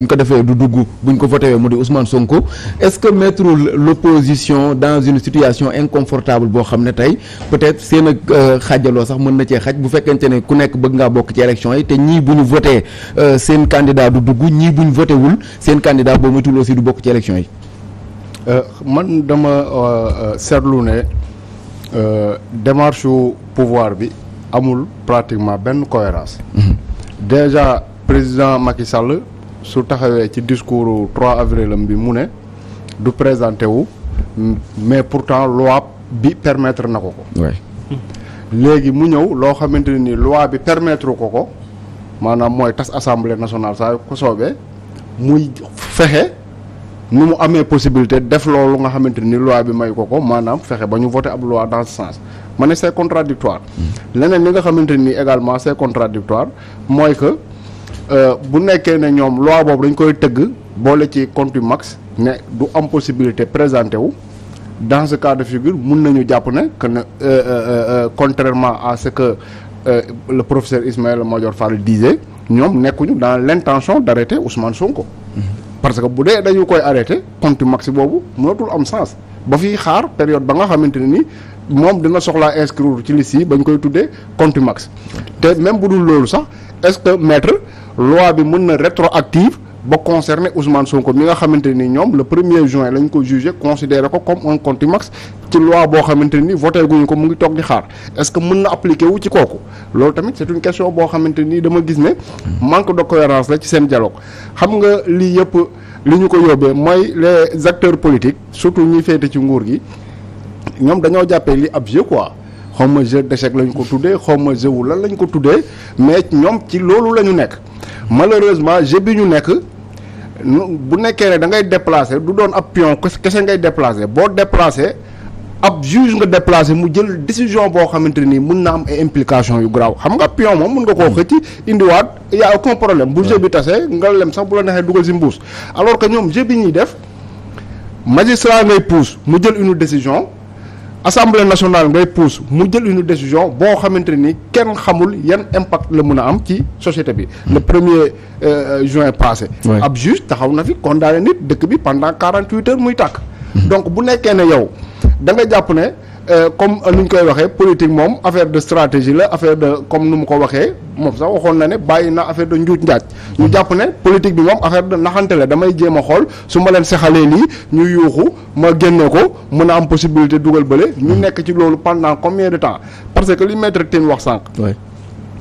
bu ñu ko defee du dugg bu ñu ko voté mu di Ousmane Sonko est-ce que mettre l'opposition dans une situation inconfortable boo xam ne tey peut-être seen ak euh, xaajaloo sax mën na cee xaj bu fekkente ne ku nekk bëgg ngaa bokk ci élection yi te ñii bu ñu voté euh, seen candidat du dugg ñii bu ñu voté seen candidat boo moytuwul aussi du bokk ci élection yi. Euh, man dama seetlu ne démarche su pouvoir bi amul pratiquement benn cohérence mhm. déjà président Macky Sall. su taxawee ci discours 3 avril am bi mu ne du présenté wu mais pourtant lois bi permetre na ko ko léegi mu ñëw loo xamante ne ni loi bi permettre ko ko maanaam mooy tas assemblée nationale saa ko soobee muy fexe nu mu amee possibilité def loolu nga xamante ni loi bi may ko ko maanaam fexe ba ñu voté ab loi dans ce sens ma ne c'est contradictoire mm. leneen li nga xamante ni également c'est contradictoire mooy que Euh, bu nekkee ne ñoom loi boobu dañ koy tëgg boole ci max ne du am possibilité présenté wu dans ce cas de figure mun nañu jàpp ne que ne euh, euh, contrairement à ce que euh, le professeur Ismaïla Madior Fall disait ñoom nekkuñu dans l'intention d'arrêter Ousmane Sonko. ko mm-hmm. parce que bu dee dañu koy arrêter contumace boobu mënatul am sens ba fiy xaar période ba nga xamante ne ni. moom dina soxlaa inscrire ci liste yi bañ koy tuddee contumax te même bu dul loolu sax est-ce que maître loi bi mën na rétroactive ba concerné Ousmane Sonko mi nga xamante nii ñoom la premier juin lañ ko jugé considéré ko comme un contumace ci loi boo xamante ni voté guñu ko mu ngi toog di xaar est-ce que mën na appliqué wu ci kooku loolu tamit c'est une question boo xamante ni dama gis ne manque de cohérence la ci seen dialogue xam nga lii yëpp li ñu ko yóbbee may les acteurs politique surtout ñi féete ci nguur gi ñoom dañoo jàppee ab jeu quoi xaw ma jeu d'échec lañ ko tuddee xaw ma wu lan lañ ko tuddee mais ñoom ci loolu la ñu nekk malheureusement jeu bi ñu nekk bu nekkee ne da ngay déplacer du doon ab pion kese ngay déplacer boo déplacer ab juge nga déplacé mu jël décision boo xamante nii mun na am ay implication yu garaaw xam nga pion moom mun nga koo xëcc indiwaat y a aucun problème bu jeu bi tasee nga lem sax bu la neexee dugal si mbuus alors que ñoom jeu bi ñuy def magistrat ngay pousse mu jël une décision assemblée nationale ngay pousse mu jël une décision boo xamante ni kenn xamul yan impact la mun a am ci société bi. Hmm. le premier euh, juin passé. Ouais. ab juge taxaw na fi condamné nit dëkk bi pendant quarante huit heures muy tàkk. Hmm. donc bu nekkee ne yow da jàpp ne. Euh, comme euh, nu ñu koy waxee politique moom affaire de stratégie la affaire de comme nu mu ko waxee moom sax waxoon na ne bàyyi na affaire de njuuj njaaj ñu jàpp ne politique bi moom affaire de naxante la damay jéem a xool su ma leen sexalee lii ñu yuuxu ma génne ko mën a am possibilité dugal bële ñu hmm. nekk ci loolu pendant combien de temps parce que li maître Tine wax sànq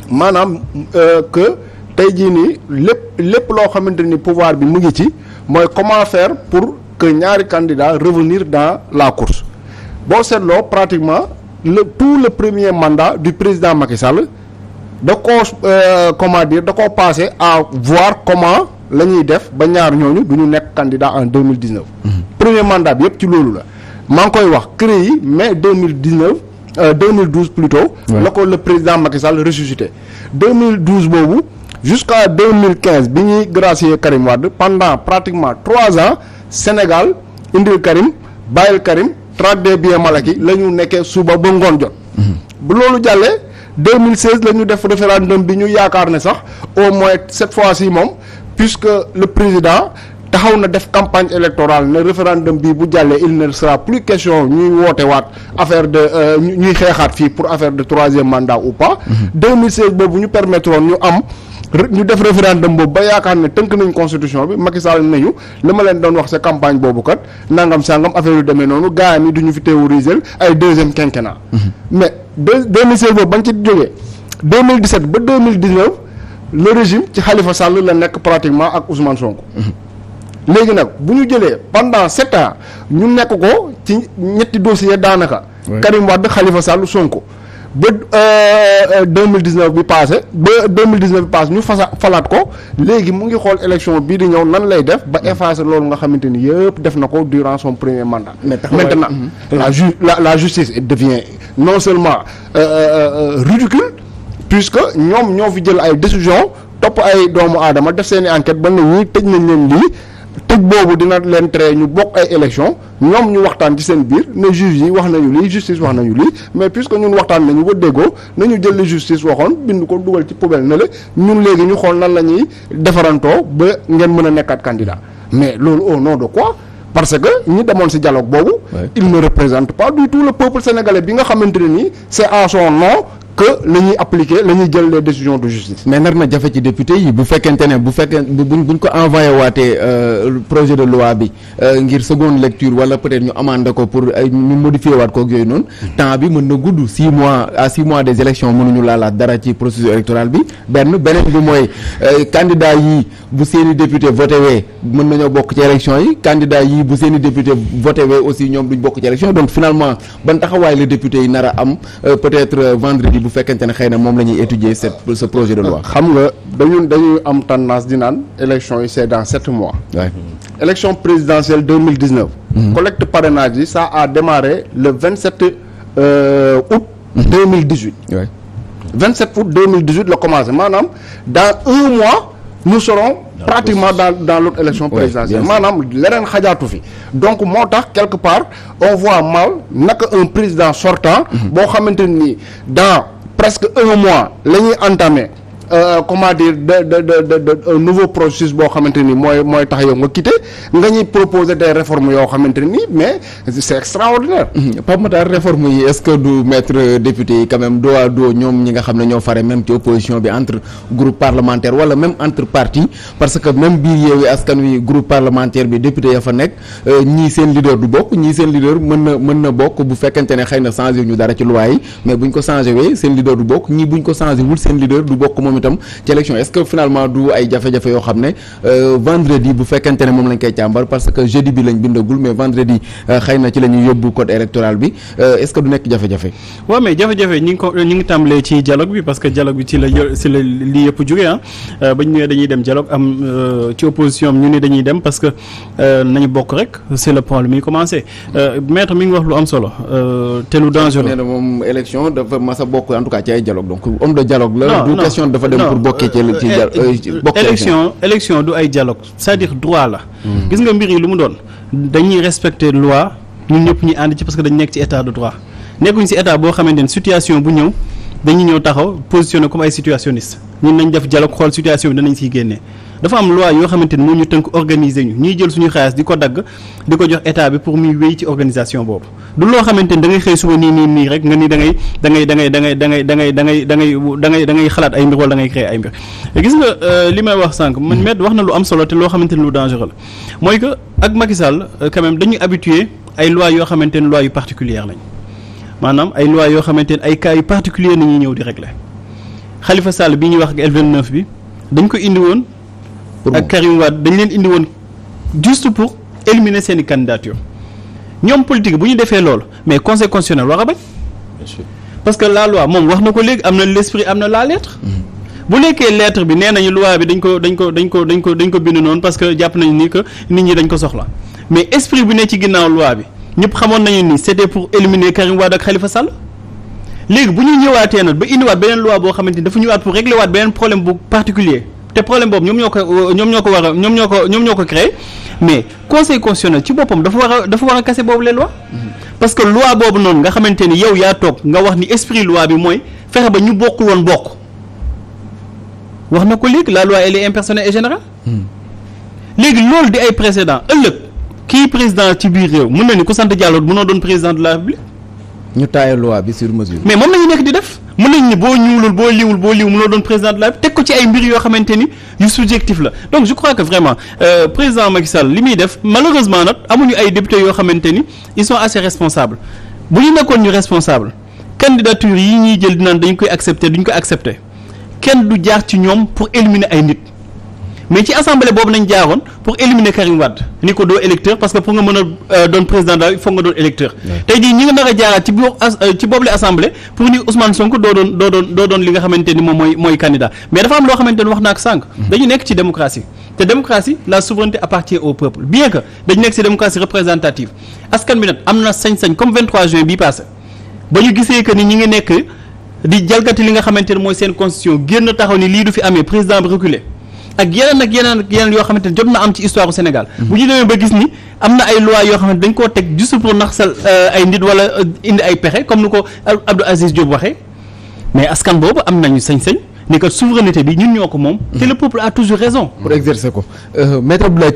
maanaam euh, que tey jii nii lépp lépp loo xamante ni pouvoir bi mu ngi ci mooy comment faire pour que ñaari candidat revenir dans la course boo seetloo pratiquement le tout le premier mandat du président Macky Sall da koo euh, comment dire da koo passé à voir comment la ñuy def ba ñaar ñooñu du ñu nekk candidat en 2019 mmh. premier mandat bi yëpp ci loolu la maa ngi koy wax CREI yi mai 2019 euh, 2012 plutôt ouais. la ko le président Macky Sall ressuscité 2012 boobu jusqu'à 2015 bi ñuy gracier Karim Wade pendant pratiquement trois ans Sénégal indil Karim bàyyil Karim 32 biens Malaki la ñu nekkee suba ba ngoon jot. bu loolu jàllee 2016 la ñu def référendum bi ñu yaakaar ne sax au moins cette fois si moom puisque le président. taxaw na def campagne électorale ne référendum bii bu jàllee il ne sera plus question ñuy woote waat affaire de euh, ñuy xeexaat fii pour affaire de troisième mandat ou pas. 2016 mm-hmm. boobu ñu permettre woon ñu am. ñu def référendum boobu ba yaakaar ne tënk nañ constitution bi Macky Sall nañu li ma leen doon wax sa campagne boobu kat nangam sangam affaire yu demee noonu gars yi duñu ñu fi théoriser ay deuxième quinquennat mhm. mais deux 2016 boobu ba nga ci jógee 2017 ba 2019 le régime ci xalifa Sall la nekk pratiquement ak Ousmane Sonko. Mhm. léegi nag bu ñu jëlee pendant sept ans ñu nekk ko ci ñetti dossier daanaka. Karim Wade Khalifa Sall Sonko. ba euh, euh, deux mille dix neuf bi passé ba deux mille dix neuf bi passé ñu fasa falaat ko léegi mu ngi xool élection bii di ñëw nan lay def ba effacer loolu nga xamante ni yëpp def na ko durant son premier mandat. maintenant la ju la la justice devient non seulement euh, euh, euh ridicule puisque ñoom ñoo fi jël ay décision topp ay doomu aadama def seeni i enquête ba ne ñii tëj nañ leen lii. tëj boobu dina leen tere ñu bokk ay élection ñoom ñu waxtaan ci seen biir ne juge yi wax nañu lii justice wax nañu lii mais puisque ñun waxtaan nañu ba déggoo nañu jël li justice waxoon bind ko dugal ci poubelle na la ñun léegi ñu xool nan la ñuy defarantoo ba ngeen mën a nekkaat candidat mais loolu au nom de quoi parce que ñi demoon si dialogue boobu il ne représente pas du tout le peuple sénégalais bi nga xamante ne nii c'est à son que la ñuy appliquer la ñuy jël les décisions de justice. mais nar na jafe ci député yi bu fekkente ne bu fekkee buñ buñ ko envoyé waatee euh, projet de loi bi euh, ngir seconde lecture wala peut-être ñu amandé ko pour ay ñu modifié waat koog yooyu noonu. Mm-hmm. temps bi mën na gudd six mois à six mois des élections mënuñu laalaat dara ci processus électoral bi benn beneen bi mooy euh, candidat yi bu seeni député voté wee mën nañoo bokk ci élection yi candidat yi bu seeni député voté wee aussi ñoom bokk ci élection donc finalement ban taxawaay la député yi nar a am peut bu fekkente ne xëy na moom la ñuy étudier cette ce projet de loi. xam nga dañu dañuy am tendance di naan élection yi c'est dans sept mois. Ouais. élection présidentielle deux mille dix neuf. Mhm. collecte parrainage yi ça a démarré le vingt sept euh, mhm. août. deux mille dix huit. oui vingt sept août deux mille la commencé maanaam dans un mois nous serons. Dans pratiquement dans dans l'autre élection présidentielle maanaam leneen xajaatu fi donc moo tax quelque part on voit mal naka un président sortant. Mhm. boo xamante ni dans. presque un mois la ñuy entamé Euh, comment dire de de de de nouveau processus boo xamante ni mooy mooy tax yow nga quitté nga ñuy proposer des réformes yoo xamante ni mais c'est extraordinaire. Mmh. Pape Matar réforme yi est-ce que du maître député yi quand même doo à nga xam ne ñoo fare même ci bi entre groupe parlementaire wala même entre parti parce que même biir Yewwi Askan Wi groupe parlementaire bi député ya fa nekk euh, ñii seen leader du bokk ñii seen leader mën na mën na bokk bu fekkente ne xëy na changé ñu dara ci loi yi changé seen leader du bokk ñii buñ ko changé wul seen leader du bokk moom moom itam ci élection est-ce que finalement du ay jafe-jafe yoo xam ne euh, vendredi bu fekkente ne moom lañ koy càmbar parce que jeudi bi lañ bindagul mais vendredi euh, xëy na ci la yóbbu code électoral bi euh, est-ce ci la ci yëpp jógee ah ba ñu ne dañuy dem dialogue am ci opposition ñu ne dañuy dem parce que nañu bokk rek c'est le problème yi commencé maître mi ngi wax lu am solo te lu dangereux. nee na moom élection dafa mas a bokk en ci ay dialogue donc de dialogue dafa dem pour bokkee ci euh, ci euh, euh, bokk élection élection du ay dialogue cest à droit la hmm. gis nga mbir yi lu mu doon dañuy respecter loi ñun ñëpp ñuy ànd ci parce que dañu nekk ci état de droit nekkuñ ci état boo xamante ne situation bu ñëw dañu ñëw taxaw positionné comme ay situationniste ñun nañ def dialogue xool situation bi danañ siy génnee dafa am loi yoo xamante ni moo ñu tënk organiser ñu ñuy jël suñu xaalis di ko dagg di ko jox état bi pour muy wéy ci organisation boobu loo xamante ni da ngay xëy suba nii nii nii rek nga ni da ngay da ngay da da ngay da ngay ngay da ngay da ngay da ngay ngay xalaat ay mbir gis nga euh, li may wax sànq man maître wax na lu am solo te loo xamante ni lu dangereux la mooy que ak Macky Sall euh, quand même dañuy habitué ay loi yoo xamante ni loi yu particulière lañ maanaam ay loi yoo xamante ne ay cas yu particulier nañuy ñëw di régler xalifa Sall bi ñuy wax ak l bi dañ ko indi woon ak Karim Wade dañ leen indi woon juste pour éliminer seen i candidature ñoom politique bu ñu defee loolu mais conseil constitutionnel war a bañ parce que la loi moom wax na ko léegi am na l'esprit am na la lettre mhm. bu nekkee lettre bi nee nañu loi bi dañ ko dañ ko dañ ko dañ ko dañ ko bind noonu parce que jàpp nañu ni que nit ñi dañ ko soxla mais esprit bu ne ci ginnaaw loi bi ñëpp xamoon nañu ni c'était pour éliminer Karim Wade ak Khalifa Sall léegi bu ñu ñëwaatee nag ba indiwaat beneen loi boo xamante ni dafa ñëwaat pour régler waat beneen problème bu particulier te problème boobu ñoom ñoo ko ñoom ñoo ko war a ko ñoom ñoo mais conseil constitutionnel ci boppam dafa war a dafa war a boobu les lois parce que loi boobu noonu nga xamante ni yow yaa toog nga wax ni esprit loi bi mooy fexe ba ñu bokkul woon bokk wax na ko léegi la loi elle est impersonnelle et hmm. léegi loolu di ay précédent ëllëg kii président ci biir réew mën na ni ku sant Diallo mënoo doon président de la République. ñu taaye loi bi sur mesure. mais moom la ñu nekk di def mën nañ ni boo ñuulul boo liiwul boo liiw mënoo doon président de la République teg ko ci ay mbir yoo xamante ni yu subjectif la donc je crois que vraiment euh, président Macky Sall li muy def malheureusement nag amuñu ay députés yoo xamante ni ils sont assez responsables bu ñu nekkoon ñu responsable candidature yi ñuy jël di naan dañu koy accepté duñ ko accepter kenn du jaar ci ñoom pour éliminer ay nit. mais ci assemblée boobu nañ jaaroon pour éliminer Karim ni ko doo électeur parce que pour nga mën a euh, doon président daal il faut nga doon électeur tey jii ñi nga nar a jaaraat ci biir euh, ci boobu la assemblée pour ni Ousmane Sonko doo doon doo doon li nga xamante ni moom mooy mooy candidat mais dafa am loo xamante ni wax naa ko sànq mm. dañu nekk ci démocratie te démocratie la souveraineté appartient au peuple bien que dañu nekk ci démocratie représentative askan bi am na sañ-sañ comme 23 juin bii passé ba ñu gisee que ni ñi ngi nekk di li nga xamante ne mooy seen constitution génn taxaw ni lii du fi amee président bi ak yeneen ak yeneen yoo xamante ne jot na am ci histoire bu Sénégal. Mhm. bu ñu demee ba gis ni am na ay loi yoo xamante dañ koo teg juste pour naxsal euh, ay nit wala euh, indi ay pexe comme ni ko Abdou Aziz Diop waxee mais askan boobu am nañu sañ-sañ ne kat souveraineté bi ñun ñoo ko moom. Mhm. te le peuple a toujours raison. pour exercer ko euh,